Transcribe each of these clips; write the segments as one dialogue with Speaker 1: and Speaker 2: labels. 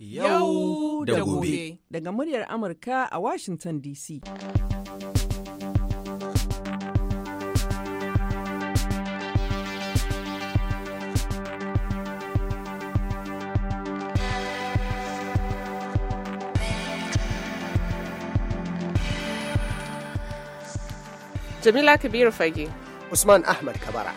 Speaker 1: yau da gobe
Speaker 2: daga muryar Amurka a Washington DC.
Speaker 1: Jamila Kabiru
Speaker 2: Fage. Usman Ahmad Kabara.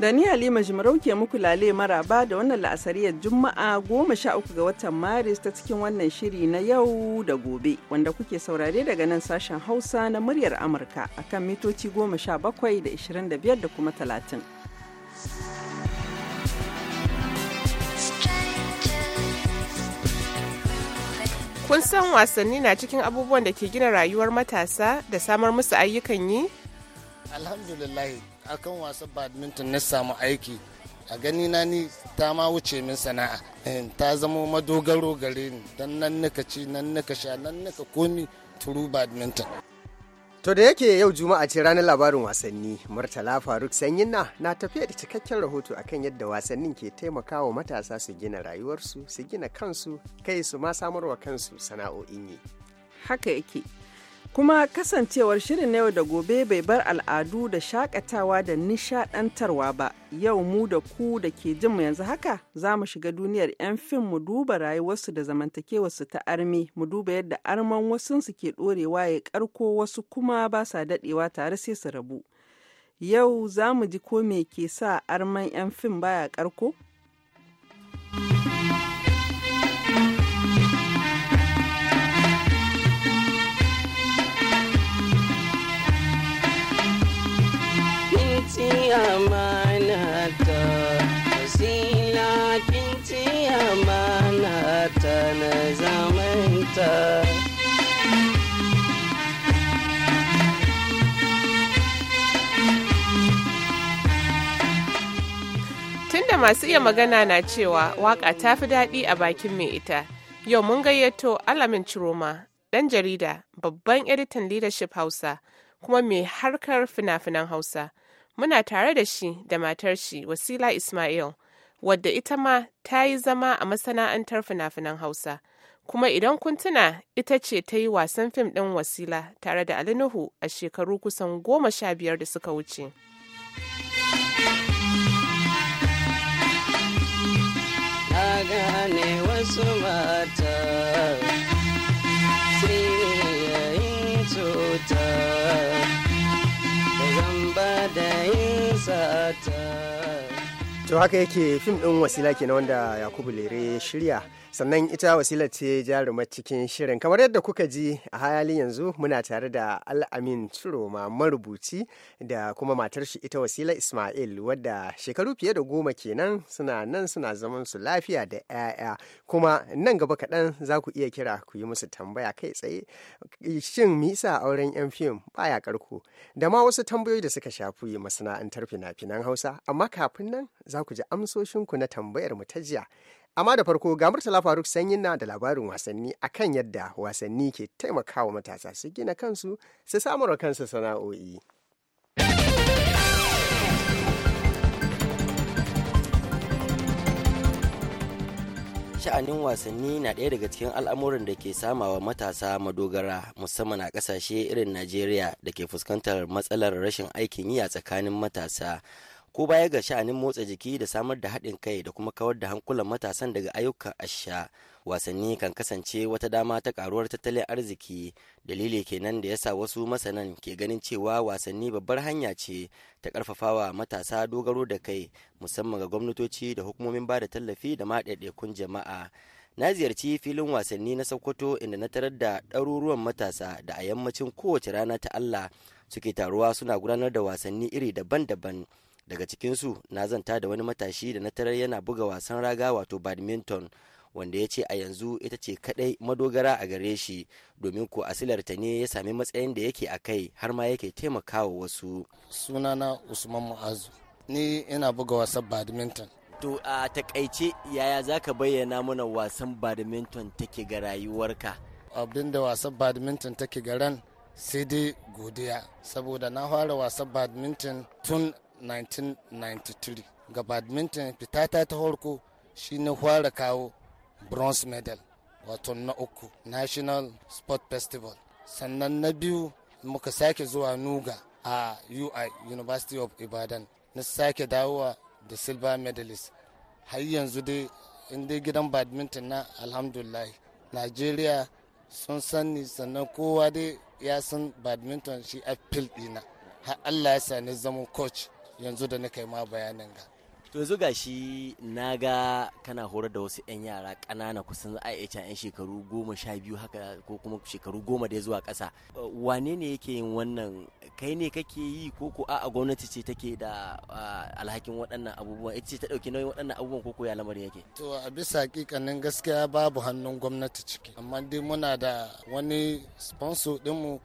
Speaker 2: Da ni Halima Jimarauke muku lale maraba da wannan la'asariyar Juma'a goma sha uku ga watan Maris ta cikin wannan shiri na yau da gobe wanda kuke saurare daga nan sashen Hausa na muryar Amurka a kan mitoci goma sha bakwai da ishirin da biyar da kuma talatin.
Speaker 1: Kun san wasanni na cikin abubuwan da ke gina rayuwar matasa da samar musu ayyukan yi?
Speaker 3: Alhamdulillah akan wasan badminton na samu aiki a gani na ni ta ma wuce min sana'a ta zama madogaro gare ni don nan nika ci nan nika sha nan nika komi turu badminton to da yake yau juma'a ce ranar labarin
Speaker 4: wasanni murtala faruk sanyin na na tafiya da cikakken rahoto akan yadda wasannin ke taimakawa matasa su gina rayuwarsu su gina kansu kai su ma samarwa kansu sana'o'in yi haka yake Kuma kasancewar shirin na yau da gobe bai bar al'adu da
Speaker 2: shakatawa da nishadantarwa ba, yau mu da ku da ke mu yanzu haka za mu shiga duniyar 'yan fim mu duba rayuwarsu da zamantakewarsu ta armi, mu duba yadda arman wasunsu ke ɗorewa ya karko wasu kuma ba sa daɗewa tare sai su rabu. Yau za mu ji ko me ke sa arman 'yan fim baya karko?
Speaker 5: tunda
Speaker 1: masu iya magana na cewa waka ta fi daɗi a bakin mai ita yau mun gayyato alamin ciroma ɗan jarida babban editan leadership hausa kuma mai harkar fina-finan hausa muna tare da shi da matar shi wasila ismail wadda ita ma ta yi zama a masana'antar fina-finan hausa kuma idan kun tuna ita ce ta yi wasan fim ɗin wasila tare da alinuhu a shekaru kusan goma sha biyar da suka wuce
Speaker 5: na gane wasu mata
Speaker 4: to haka yake fim ɗin wasila kenan wanda yakubu lere shirya sannan ita wasila ce jarumar cikin shirin kamar yadda kuka ji a hali yanzu muna tare da al'amin turoma marubuci da kuma matar shi ita wasila ismail wadda shekaru fiye da goma kenan suna nan suna zaman su lafiya da 'ya'ya kuma nan gaba kaɗan za ku iya kira ku yi musu tambaya kai tsaye shin misa auren yan fim baya karko da ma wasu tambayoyi da suka shafi masana'antar fina-finan hausa amma kafin nan za ku ji amsoshinku na tambayar mu ta jiya Amma da farko ga Murtala Faruk Sanyin na da labarin wasanni akan yadda wasanni ke taimakawa matasa su gina kansu su samarwa kansu sana'o'i.
Speaker 6: sha'anin wasanni na ɗaya daga cikin al'amuran da ke samawa matasa madogara musamman a ƙasashe irin najeriya da ke fuskantar matsalar rashin aikin yi a tsakanin matasa ko baya ga sha'anin motsa jiki da samar da haɗin kai da kuma kawar da hankulan matasan daga ayyukan asha wasanni kan kasance wata dama ta karuwar tattalin arziki dalili kenan da yasa wasu masanan ke ganin cewa wasanni babbar hanya ce ta karfafawa matasa dogaro da kai musamman ga gwamnatoci da hukumomin ba da tallafi da ma jama'a na ziyarci filin wasanni na sokoto inda na tarar da ɗaruruwan matasa da a yammacin kowace rana ta allah suke taruwa suna gudanar da wasanni iri daban-daban daga cikin su na zanta da wani matashi da na tarar yana buga wasan raga wato badminton wanda ya ce a yanzu ita ce kadai madogara a gare shi domin ko asilarta ne ya sami matsayin da yake a kai har ma yake taimakawa wasu sunana
Speaker 3: usman mu'azu ni ina buga wasan badminton
Speaker 6: to a takaice yaya zaka bayyana mana wasan badminton take ga rayuwarka abin da wasan
Speaker 3: badminton take ga ran sai dai godiya saboda na fara wasan badminton tun 1993 ga badminton fitata ta horko shi ne fara kawo bronze medal wato na uku national sport festival sannan na biyu muka sake zuwa nuga a ui university of ibadan na sake dawowa da silver medalist har yanzu dai in dai gidan badminton na alhamdulillah nigeria sun sani sannan kowa dai ya san badminton shi a ɗina dina har allah ya sani zama coach yanzu da na kai ma bayanin ga
Speaker 6: to yanzu gashi na ga kana horar da wasu 'yan yara ƙanana kusan a iya 'yan shekaru goma sha biyu haka ko kuma shekaru goma da zuwa ƙasa wane ne yake yin wannan kai ne kake yi ko ko a gwamnati ce take da alhakin waɗannan abubuwan ita ce ta ɗauki nauyin waɗannan abubuwan ko ko ya lamarin yake
Speaker 3: to a bisa hakikanin gaskiya babu hannun gwamnati ciki amma dai muna da wani sponsor ɗinmu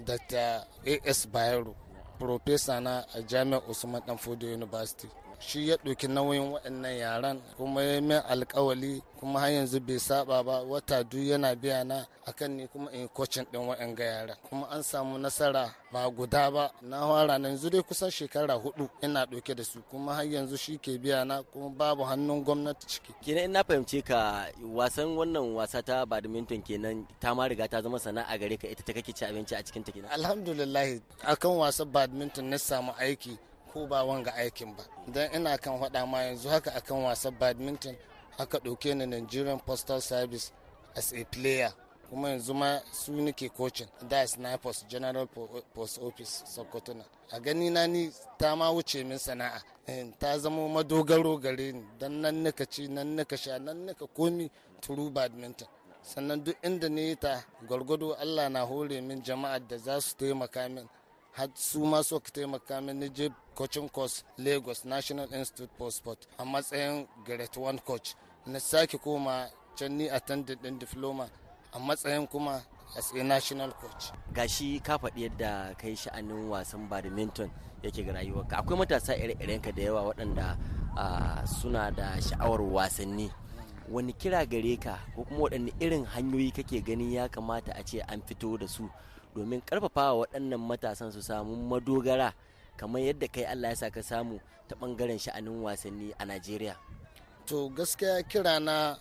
Speaker 3: da ta as bayero profesa na a jami'ar usman danfodio university shi ya ɗauki nauyin waɗannan yaran kuma ya min alkawali kuma har yanzu bai saba ba wata duk yana biya na akan ni kuma in kocin ɗin waɗanga yara kuma an samu nasara ba guda ba na fara nan yanzu dai kusan shekara hudu ina ɗauke da su kuma har yanzu shi ke biya na kuma babu hannun gwamnati ciki.
Speaker 6: kenan ina fahimce ka wasan wannan wasa ta badminton kenan ta ma riga ta zama sana'a gare ka ita ta kake ci abinci a cikin ta kenan.
Speaker 3: alhamdulillah akan wasan badminton na samu aiki ko ba wanga aikin ba don ina kan faɗa ma yanzu haka akan wasan badminton aka ɗauke ni nigerian postal service as a player kuma yanzu ma su nake kocin da snipers general post office sokoto na a gani na ni ta ma wuce min sana'a eh, ta zama madogaro gare ni don nan nika ci nan nika sha nan nika komi turu badminton sannan duk inda ne ta gwargwado allah na hore min jama'ar da za su taimaka min har su ma so ka taimaka min na je coaching course lagos national institute for sport a matsayin grade one coach na sake koma can ni attended din diploma a matsayin kuma as a
Speaker 6: national coach gashi ka faɗi yadda kai sha'anin wasan badminton yake ga rayuwarka akwai matasa ire iren ka da yawa waɗanda suna da sha'awar wasanni wani kira gare ka ko kuma waɗanne irin hanyoyi kake gani ya kamata a ce an fito da su domin karfafawa waɗannan matasan su samu madogara kamar yadda kai Allah ya sa ka samu ta bangaren sha'anin wasanni a Najeriya. To gaskiya
Speaker 3: kira na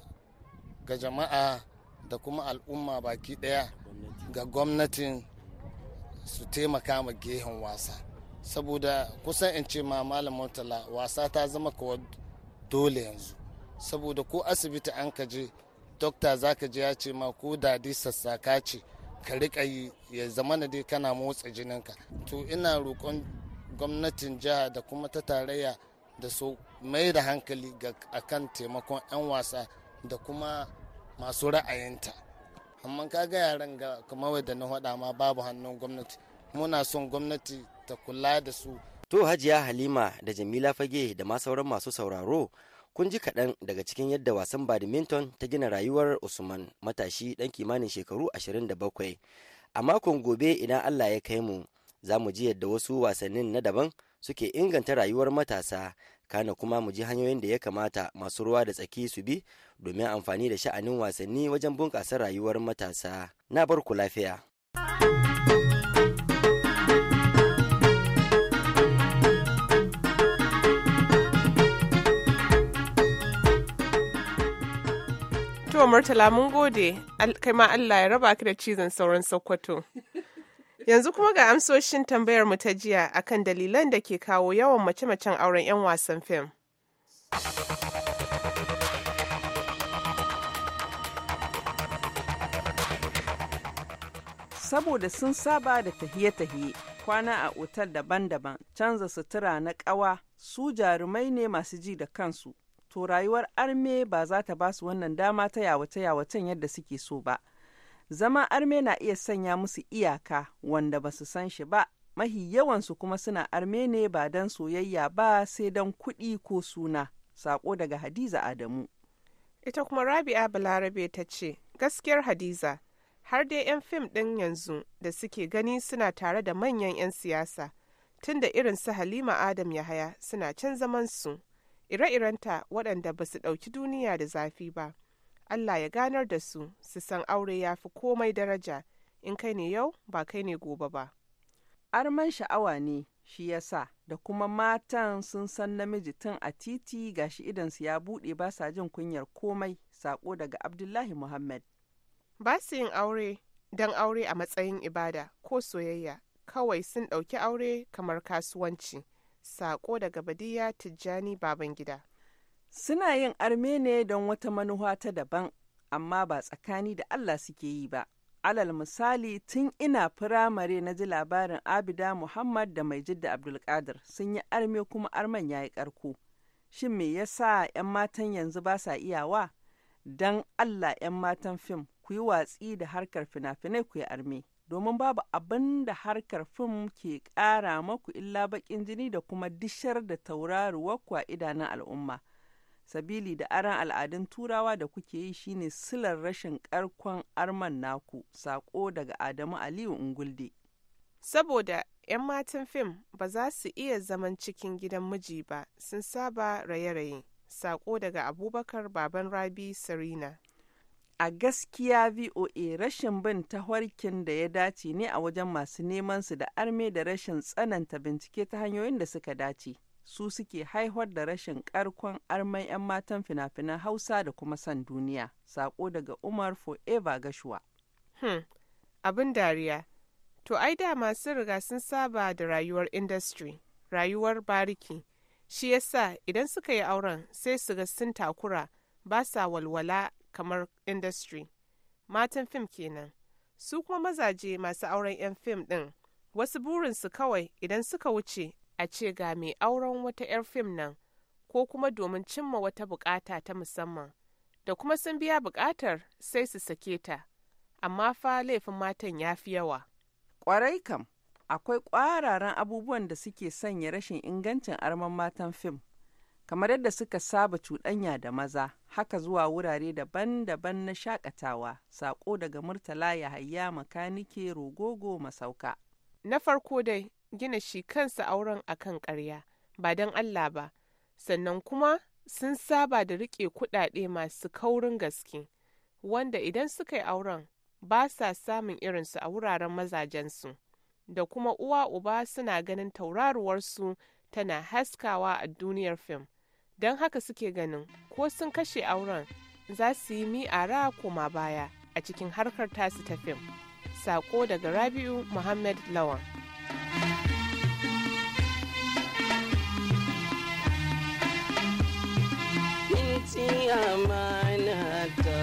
Speaker 3: ga jama'a da kuma al'umma baki ɗaya ga gwamnatin su taimaka ma gehen wasa. Saboda kusan in ce ma Malam Murtala wasa ta zama kawo dole yanzu. Saboda ko asibiti an ka je, dokta za je ya ce ma ko dadi sassaka ce. ka rika yi ya zama na dai kana motsa jinin ka to ina roƙon gwamnatin jiha da kuma ta tarayya da su mai da hankali ga akan taimakon 'yan wasa da kuma masu ra'ayinta amma ka ga yaran ga kamar wadda na faɗa ma babu hannun gwamnati muna son gwamnati ta kula da su to
Speaker 6: hajiya halima da jamila fage da ma sauran masu sauraro Kun ji kaɗan daga cikin yadda wasan badminton ta gina rayuwar Usman matashi ɗan kimanin shekaru 27. A makon gobe idan Allah ya kai mu, za mu ji yadda wasu wasannin na daban suke inganta rayuwar matasa, kana kuma mu ji hanyoyin da ya kamata masu ruwa da tsaki su bi domin amfani da sha'anin wasanni wajen bunƙasa rayuwar matasa. Na barku lafiya.
Speaker 1: Murtala mun gode, kai ma Allah ya raba ki da cizon sauran Sokoto. Yanzu kuma ga amsoshin tambayar mu ta jiya akan dalilan da ke kawo yawan mace-macen auren 'yan wasan fim.
Speaker 2: Saboda sun saba da tahiye-tahiye, kwana a otal daban-daban, canza sutura na ƙawa, su jarumai ne masu ji da kansu, to rayuwar arme ba za ta ba su wannan dama ta yawace yawacen yadda suke so ba zama arme na iya sanya musu iyaka wanda ba su san shi ba mahi yawansu kuma suna arme ne ba don soyayya ba sai don kuɗi ko suna sako daga hadiza adamu
Speaker 1: ita kuma rabi'a balarabe ta ce gaskiyar hadiza har dai 'yan fim ɗin yanzu da suke gani suna tare da manyan 'yan siyasa tunda irin su halima adam yahaya suna can zamansu ire-irenta waɗanda ba su ɗauki duniya da zafi ba allah ya ganar da su su san aure ya fi komai daraja in kai ne yau ba kai ne gobe ba arman sha'awa ne shi yasa da
Speaker 2: kuma matan sun san namiji tun a titi gashi idansu ya buɗe ba sa jin kunyar
Speaker 1: komai saƙo daga abdullahi muhammad ba su yin aure don aure a matsayin ibada ko soyayya kawai sun ɗauki aure kamar kasuwanci Sako daga Badiya Tijjani Babangida. Suna yin arme ne don
Speaker 2: wata manuwa ta daban, amma ba tsakani da Allah suke yi ba. Alal misali tun ina firamare na ji labarin Abida Muhammad da mai jidda Abdulkadir sun yi arme kuma arman ya yi karko Shin me yasa 'yan matan yanzu ba sa iyawa? Don Allah 'yan matan fim ku yi watsi da harkar fina-finai ku yi arme. domin babu abin da harkar fim ke ƙara maku illa baƙin jini da kuma dishar da tauraruwar kwa idanun al'umma. Sabili da aran al'adun turawa da kuke yi shine silar rashin ƙarkon arman naku, sako daga
Speaker 1: Adamu Aliyu Ungulde. Saboda 'yan matan fim ba za su iya zaman cikin gidan miji ba, sun saba raye-raye. sako daga Abubakar Baban Rabi Sarina. a gaskiya VOA rashin bin tawarkin
Speaker 2: da ya dace ne a wajen masu neman su da arme da rashin tsananta bincike ta hanyoyin da suka dace. Su suke haihuwar da rashin karkon arman 'yan matan fina-finan Hausa da
Speaker 1: kuma san duniya. Sako daga Umar Forever Gashuwa. Hmm, abin dariya. To ai da masu riga sun saba da rayuwar industry, rayuwar bariki. Shi yasa idan suka yi auren sai su ga sun takura ba sa walwala kamar industry matan fim kenan su kuma mazaje masu auren 'yan fim ɗin wasu burinsu kawai idan suka wuce a ce ga mai auren wata 'yar fim nan ko kuma domin cimma wata bukata ta musamman da kuma sun biya bukatar sai su sake ta amma fa laifin matan ya fi yawa kwarai kam akwai kwararan abubuwan da suke sanya rashin
Speaker 2: ingancin arman matan fim kamar yadda suka saba cuɗanya da maza haka zuwa wurare daban-daban na shakatawa sako daga murtala ya hayya makanike
Speaker 1: rogogo masauka na farko dai gina shi kansa auren akan ƙarya ba don allah ba sannan kuma sun saba da riƙe kuɗaɗe masu kaurin gaske wanda idan suka yi auren ba sa samun irinsu a wuraren mazajensu da kuma uwa uba suna ganin tauraruwarsu tana haskawa a duniyar fim don haka suke ganin ko sun kashe auren za su yi mi'ara koma baya a cikin harkar tasu ta fim sako daga rabi'u muhammad lawan
Speaker 5: Pinti amana ta,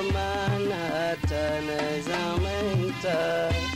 Speaker 5: amana ta na zamanta.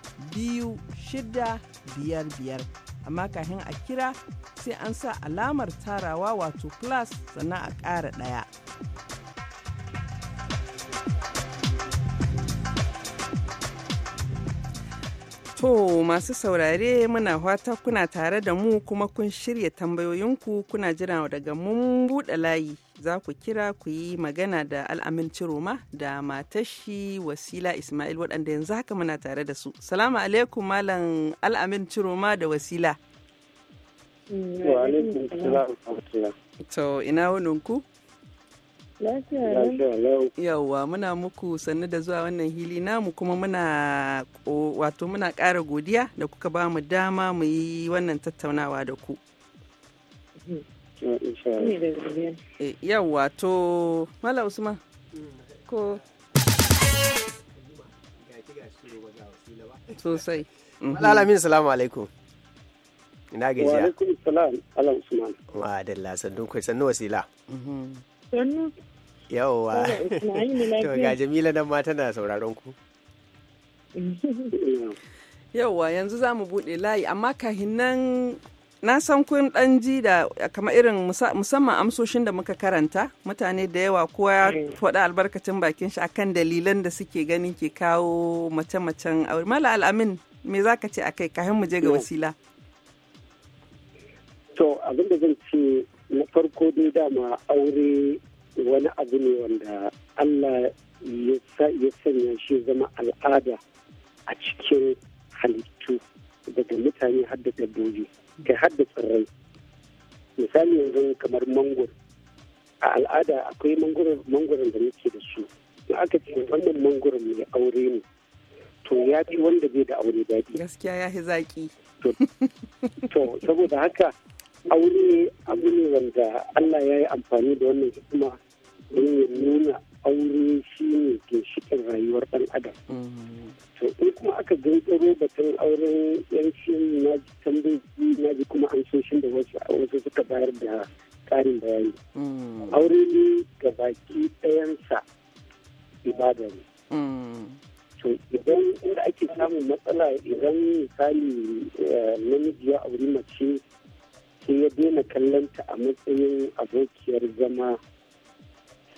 Speaker 2: biyu shida biyar biyar amma kafin a kira sai an sa alamar tarawa wato class sannan a ƙara ɗaya To masu saurare muna fata kuna tare da mu kuma kun shirya tambayoyinku kuna jira daga mun buɗe layi za ku kira ku yi magana da al'amin ciroma da matashi wasila Ismail waɗanda yanzu haka muna tare da su. Salamu alaikum malam al'amin ciroma da wasila. To ina wuninku? Yawwa muna muku sannu da zuwa wannan hili namu kuma muna wato muna ƙara godiya da kuka ba mu dama mu yi wannan tattaunawa da ku. Yawwa e, to Mala
Speaker 4: Usman ko sosai. Mhm. Malalamin salamu alaikum. Ina gajiya. Wa alaikum salam ala Usman. Wa adalla sannu wasila.
Speaker 7: Mhm.
Speaker 8: Sannu
Speaker 4: yawwa to ga jamila nan ma tana sauraron ku
Speaker 2: yawwa yanzu za mu buɗe layi amma kahin nan na san kun dan ji da kama irin musamman amsoshin da muka karanta mutane da yawa kowa ya eh. faɗa albarkacin bakin shi akan dalilan da suke ganin ke kawo mace-macen aure mala al'amin me za ka ce akai kahin mu je ga wasila
Speaker 9: to abin da zan ce na farko dai dama aure wani abu ne wanda Allah ya sanya shi zama al'ada a cikin halittu daga mutane har da dabbobi kai har da tsirrai misali yanzu kamar mangoro a al'ada akwai mangoron da nake da su in aka ce wannan mangoron mai aure ne to ya fi wanda bai da aure daɗi gaskiya
Speaker 2: ya fi zaki
Speaker 9: to saboda haka aure abu ne wanda Allah ya yi amfani da wannan hikima
Speaker 7: don ya nuna
Speaker 9: aure shi ne ke shikin rayuwar ɗan adam. To in kuma aka gangaro batun auren yancin na ji tambayi na ji kuma amsoshin da wasu suka bayar da ƙarin bayani. Aure ne ga baki ɗayansa ibada
Speaker 7: ne. to
Speaker 9: idan inda ake samun matsala idan misali eh, namiji ya auri mace sai ya daina kallonta a matsayin abokiyar zama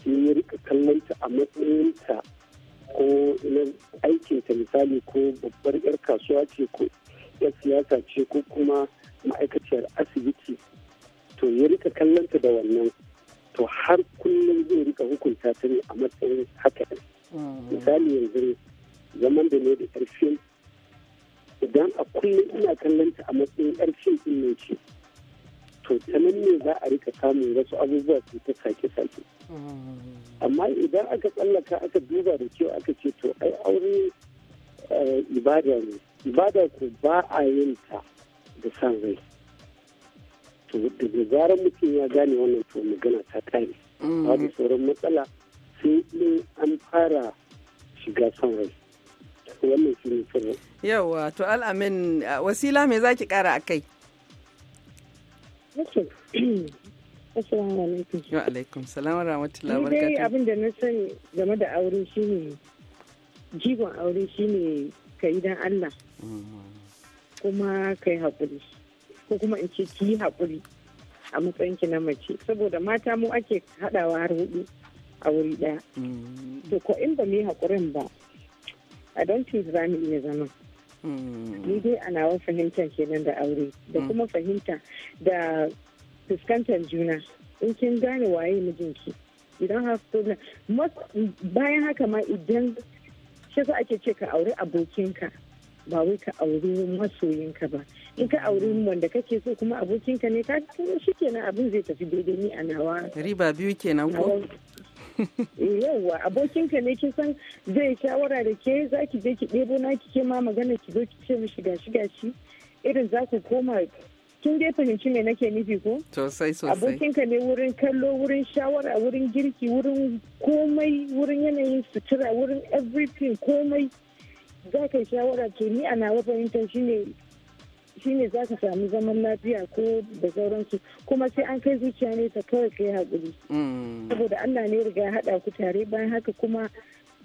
Speaker 9: sai ya rika kallonta a matsayinta ko na aikinta misali ko babbar 'yar kasuwa ce ko 'yar siyasa ce ko kuma ma'aikaciyar asibiti to ya rika kallonta da wannan to har kullum zai rika hukunta ta ne a matsayin haka mm. misali yanzu zaman da ne da ƙarfin idan a kullum ina kallonta a matsayin ƙarfin ne ce to ta nan ne za a rika samun wasu abubuwa su ta sake-sake amma idan aka tsallaka aka duba da kyau aka ce to ai aure eh, ibada ne ibada ko ba a yin ta da san rai to daga zarar mutum ya gane wannan to magana ta kare da mm. sauran matsala sai in an fara shiga san rai wannan shi ne
Speaker 2: yawa to al'amin wasila me zaki kara a kai Assalamu alaikum. Wa alaikum. Salam rahmatullahi wa barakatuh. Ni dai abin da
Speaker 8: na sani game da aure shine jigon aure shine ka yi dan Allah. Kuma ka yi haƙuri. Ko kuma in ce ki yi haƙuri a matsayin ki na mace saboda mata mu ake haɗawa har hudu a wuri ɗaya. Mm. To ko in ba mu yi haƙurin ba I don't think za mu iya zama.
Speaker 7: ni
Speaker 8: dai ana wa fahimtar kenan da aure da mm. kuma fahimta da fuskantar juna in kin gane waye mijinki idan na bayan haka ma idan shi za ake ce ka auri abokinka ba wai ka auri masoyinka ba in ka auri mm. wanda kake so kuma abokinka ne ka shi kenan abin zai tafi daidai ni a nawa
Speaker 2: riba biyu kenan ko
Speaker 8: yauwa abokinka ne kin san zai shawara da ke za ki je ki ɗebo na ki ma magana ki zo ki ce mishi gashi gashi irin za ku koma kin dai fahimci me nake nufi ko
Speaker 2: sosai sosai abokinka
Speaker 8: ne wurin kallo wurin shawara wurin girki wurin komai wurin yanayin sutura wurin everything komai za ka shawara ke ni a nawa fahimta shine shine za ka samu zaman lafiya ko da sauransu kuma sai an kai zuciya ne ta kawai kai haƙuri mm. saboda allah ne riga ya haɗa ku tare bayan haka kuma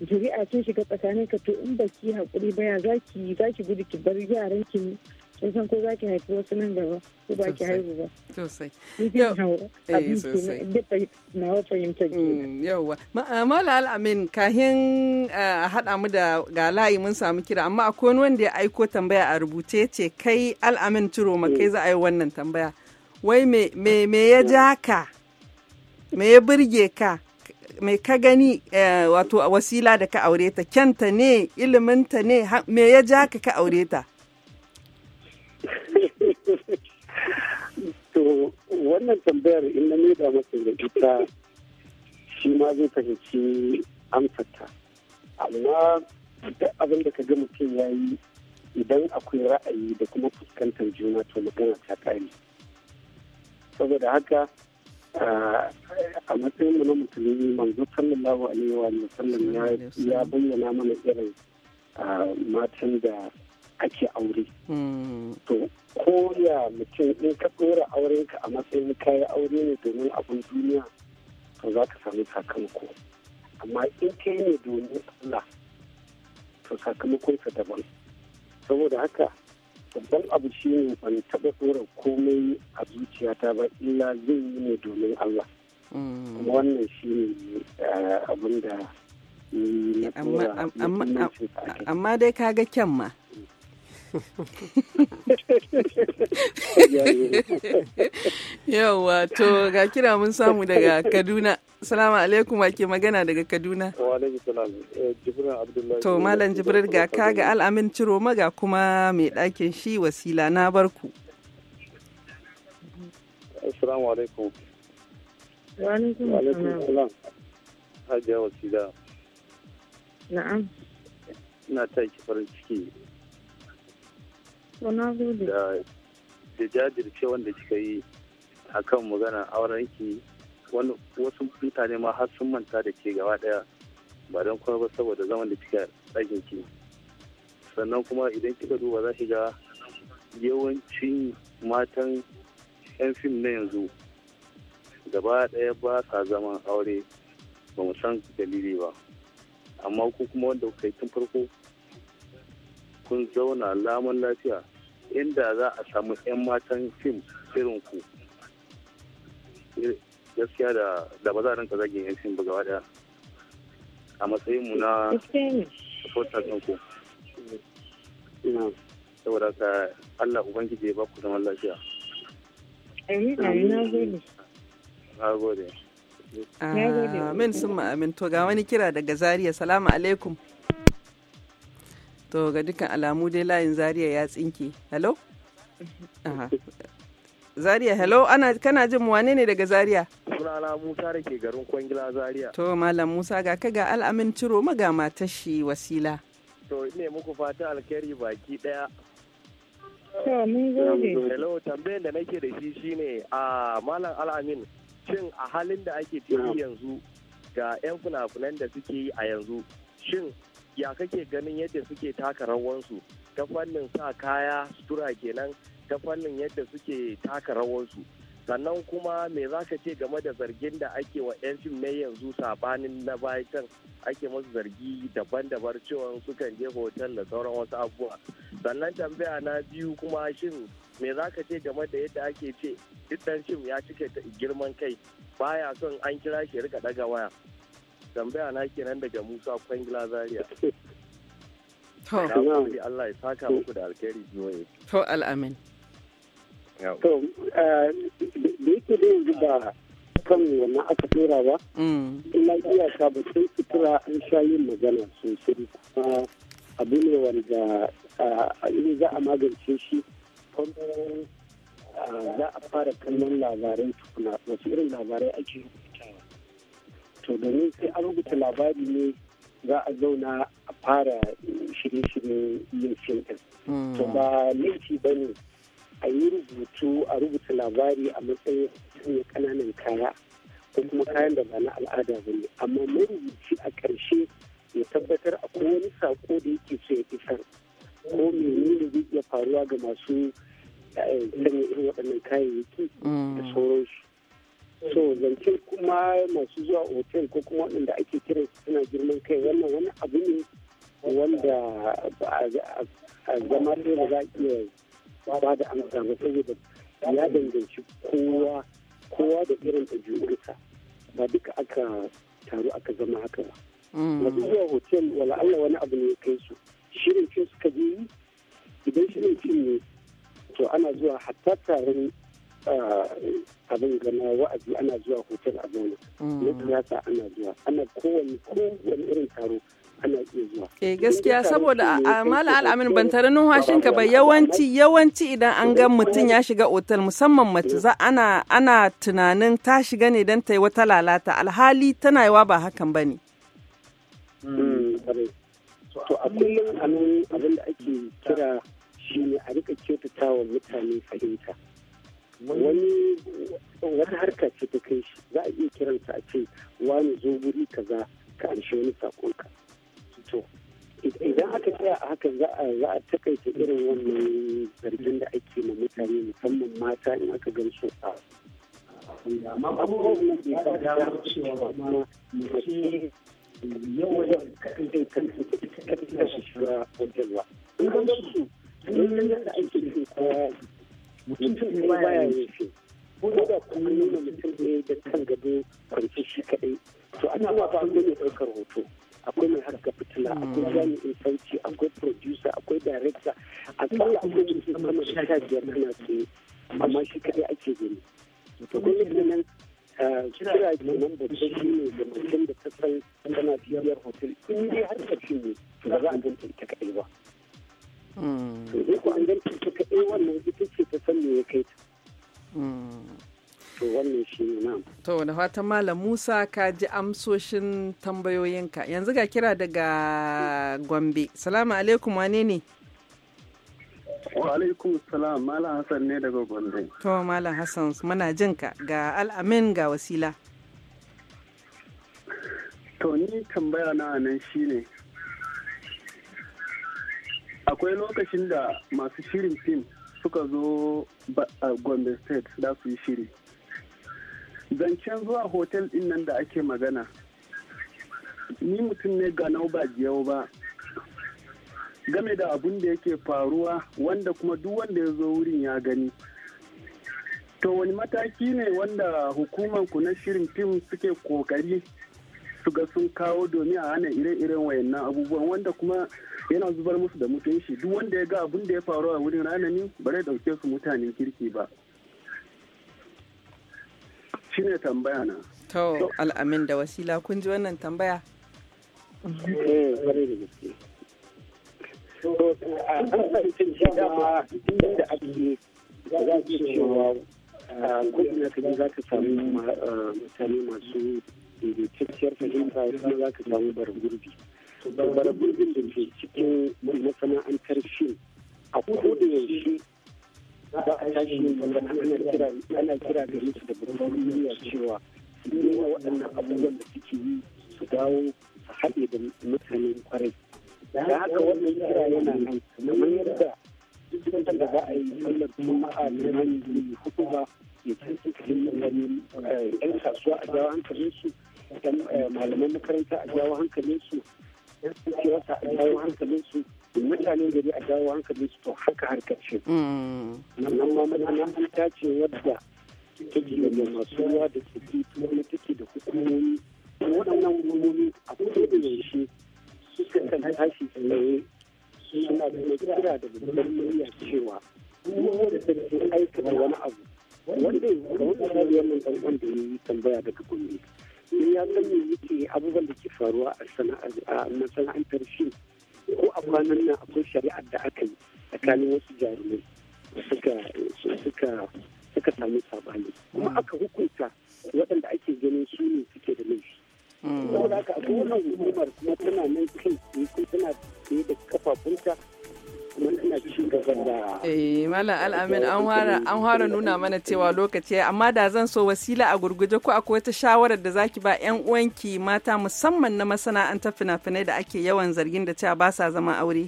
Speaker 8: jiri'a sun shiga tsakanin ka to in ba ki haƙuri ba ya za ki gudu ki bar yaran ki kin san ko za ki haifi wasu nan gaba ko ba ki haihu ba. Sosai. Nawa eh, fahimtar ke. Mm, Yawwa.
Speaker 2: Mala ah, al'amin kahin ah, haɗa mu da galayi mun samu kira amma akwai wani wanda ya aiko tambaya a rubuce ce kai al'amin turo ma kai eh. za a yi wannan tambaya. Wai me ya ja ka? Me ya burge ka? mai ka gani eh, wato wasila da ka aure ta kyanta ne iliminta ne me ya ja ka ka aure ta
Speaker 9: to wannan tambayar in na maida masa da ita shi ma zai fahimci amsarta amma duk abin da ka ga mutum ya yi idan akwai ra'ayi da kuma fuskantar juna to magana ta kare saboda haka a matsayin mu na musulmi manzo sallallahu alaihi wa sallam ya bayyana mana irin matan da ake aure.
Speaker 7: Hmm.
Speaker 9: To, ko ya mutum in ka ɗora aurenka a matsayin kayan aure ne domin abin duniya, to za ka sami sakamako. Amma in ka yi ne domin Allah, to sakamakonsa daban. Saboda haka, babban abu shi ne ban taɓa ɗora komai a zuciyata ba illa zai yi ne domin Allah.
Speaker 7: Kuma hmm. wannan
Speaker 9: shi ne eh, abin da
Speaker 2: amma dai kaga kyan ma Yawwa to ga kira mun samu daga Kaduna. Salamu alaikum ake magana daga Kaduna.
Speaker 10: Eh, to Malam Jibril ga kaga
Speaker 2: al'amin ciro maga kuma mai ɗakin shi wasila na barku.
Speaker 10: salamu alaikum.
Speaker 8: Wa alaikum salam.
Speaker 10: Hajiya wasila. Na'am. Na ta yi farin ciki
Speaker 8: da
Speaker 10: jajirce wanda kika yi a akan magana aurenki wasu mutane ma har sun manta da ke gaba daya ba don kuma ba saboda zaman da kika ɗakin ki sannan kuma idan kika duba za ki ga yawancin matan 'yan fim na yanzu gaba daya ba sa zaman aure ba mu san dalili ba amma ku kuma wanda kuka yi tun farko kun zauna laman lafiya inda za a samu 'yan matan fim irin ku gaskiya da ba za a rinka zagin 'yan fim gaba daya a matsayin mu na supporter ɗin ku saboda ka Allah Ubangiji ya ba ku zaman lafiya.
Speaker 2: Amin sun ma'amin. To ga wani kira daga Zaria. Salamu alaikum. to ga dukkan alamu dai layin zaria ya tsinke hello zaria hello ana kana jin wane ne daga zaria
Speaker 10: sunana musa da ke garin kwangila zaria to
Speaker 2: malam musa ga ka ga al'amin ciro magama tashi wasila
Speaker 10: to ne muku fata alkhairi baki daya
Speaker 8: to hello
Speaker 10: tambayin da nake da shi shine a malam al'amin shin a halin da ake ciki yanzu ga 'yan funafunan da suke yi a yanzu shin ya kake ganin yadda suke taka rawansu ta fannin sa kaya sutura kenan ta fannin yadda suke taka rawansu sannan kuma me za ka ce game da zargin da ake wa 'yan fim na yanzu sabanin na bayan ake masu zargi daban-daban cewa sukan je hotel da sauran wasu abubuwa sannan tambaya na biyu kuma shin me za ka ce game da yadda ake ce duk dan fim ya cike girman kai baya son an kira shi rika daga waya tambaya na kenan daga Musa Kwangila Zaria. To. Allah ya saka muku da
Speaker 2: alkhairi jiyoyi. To al'amin. To,
Speaker 9: eh, da yake da yanzu ba kan wannan aka tura ba, mm. ina iya ka sun sutura an sha yin magana sosai kuma abu ne wanda eh, in za a magance shi kuma eh, za a fara kallon labarai tukuna wasu irin labarai ake to domin sai an rubuta labari ne za a zauna a fara shirye-shirye yin fim ɗin
Speaker 7: hmm. to ba
Speaker 9: laifi ba ne a yi rubutu a rubuta labari a matsayin sanya ƙananan kaya ko kuma kayan da ba na al'ada ba ne amma marubuci a ƙarshe ya tabbatar a wani sako da yake so ya isar ko menene zai iya faruwa ga masu sanya eh, irin waɗannan kayayyaki da hmm. sauransu so zancen kuma masu zuwa otel ko kuma waɗanda ake kiran su suna girman kai wannan wani abu ne wanda a zama ne da za a iya ba da amsa ba saboda ya danganci kowa kowa da irin ɗabi'unsa ba duka aka taru aka zama haka ba
Speaker 7: mm. masu zuwa
Speaker 9: hotel wala Allah wani abu ne ya kai su shirin cin suka je idan shirin cin ne to ana zuwa hatta taron abin gana wa'azi ana zuwa hotel a zauna mm. na yasa ana zuwa ana kowane kowane irin taro ana iya zuwa eh gaskiya saboda a mala al'amin ban tare numfashin ka ba yawanci
Speaker 2: yawanci idan an ga mutum ya shiga otal musamman mace mm. za ana ana tunanin ta shiga ne don ta yi wata lalata alhali tana yawa ba hakan ba ne
Speaker 7: mm,
Speaker 9: to a kullum abin da ake kira shi ne a rika kyautatawa mutane fahimta
Speaker 7: wani
Speaker 9: wata harka ce ta kai shi za a iya kiranta a ce wani zo guri kaza ka amshi wani sakonka to idan aka tsaya a haka za a takaita irin wannan zargin da ake ma mutane musamman mata in aka gansu a amma abubuwan da cewa ma yawan kaɗai kaɗai shiga
Speaker 2: ta Malam Musa ka ji amsoshin tambayoyinka. Yanzu ga kira daga Gombe. Salamu alaikum wane ne?
Speaker 10: Wa alaikum salam Malam Hassan ne daga Gombe.
Speaker 2: To Malam Hassan mana jin ka ga al'amin ga wasila.
Speaker 10: To ni tambaya na nan shi ne. akwai lokacin da masu shirin fim suka zo Gombe State da su yi shiri. zancen zuwa hotel din nan da ake magana ni mutum ne ganau ba jiyau ba game da abun da yake faruwa wanda kuma duk wanda ya zo wurin ya gani to wani mataki ne wanda hukumar ku na shirin fim suke kokari su ga sun kawo domin a hana ire-iren wayannan abubuwan wanda kuma yana zubar musu da mutunci duk wanda ya ga abun da ya faru a wurin ranani ba bare dauke su mutanen kirki ba
Speaker 2: shine tambaya na to al'amin da wasila kun ji wannan tambaya eh ware da gaske to a hankali
Speaker 9: shi dama inda masu daidaitacciyar fahimta kuma za ka samu bargurbi bargurbin da ke cikin masana'antar fim a kodayaushe ana kira da su da babban duniya cewa duniya waɗannan abubuwan da suke yi su dawo su haɗe da mutane kwarai da haka wannan kira yana nan kamar yadda duk da za a yi sallar juma'a da nan ne hudu ba ya canza kalin wani yan kasuwa a jawo hankalinsu malaman makaranta a jawo hankalinsu yan kasuwa a jawo hankalinsu mutane da a dawo hankali su to haka harkar ce.
Speaker 7: Nan ma mana
Speaker 9: ta ce wadda take da masu ruwa da tsaki kuma take da hukumomi. Waɗannan hukumomi a kusa da yaushe suka kan tashi tsaye suna da kira da babban murya cewa kuma da take aikata wani abu wanda da wani kariyar mun dan da ya yi tambaya daga gombe. Ya san me yake abubuwan da ke faruwa a masana'antar shi. ko a kwanan nan akwai shari'ar da aka yi tsakanin wasu jarumai suka suka sami sabani kuma aka hukunta waɗanda ake ganin su ne suke da laifi
Speaker 7: mm. saboda haka akwai wannan
Speaker 9: hukumar kuma tana nan kai ko tana da kafafunta
Speaker 2: e malam al'amin an fara nuna mana cewa lokaci amma da zan so wasila a gurguje ko akwai wata shawarar da zaki ba yan uwanki mata musamman na masana'anta fina-finai da ake yawan zargin da cewa ba sa zama aure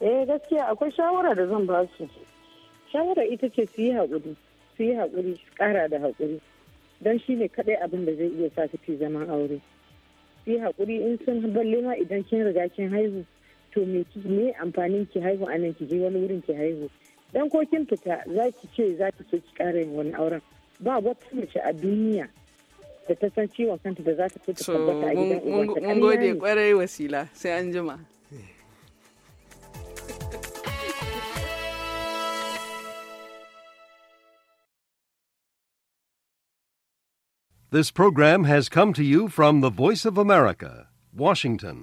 Speaker 8: eh gaskiya akwai shawara da zan ba su shawara ita ce su yi haƙuri su yi haƙuri su ƙara da haƙuri don shi ne kaɗai abin da zai iya sa su fi zaman aure su yi haƙuri in sun balle ma idan kin riga kin haihu to me me amfanin ki haihu ki je wani wurin ki haihu dan ko kin fita za ki ce za ki so ki ƙara wani auren ba wata mace a duniya da ta san ciwon kanta da za ta fita tabbata a
Speaker 2: gidan mun gode kwarai wasila sai an jima
Speaker 1: This program has come to you from the Voice
Speaker 7: of America, Washington.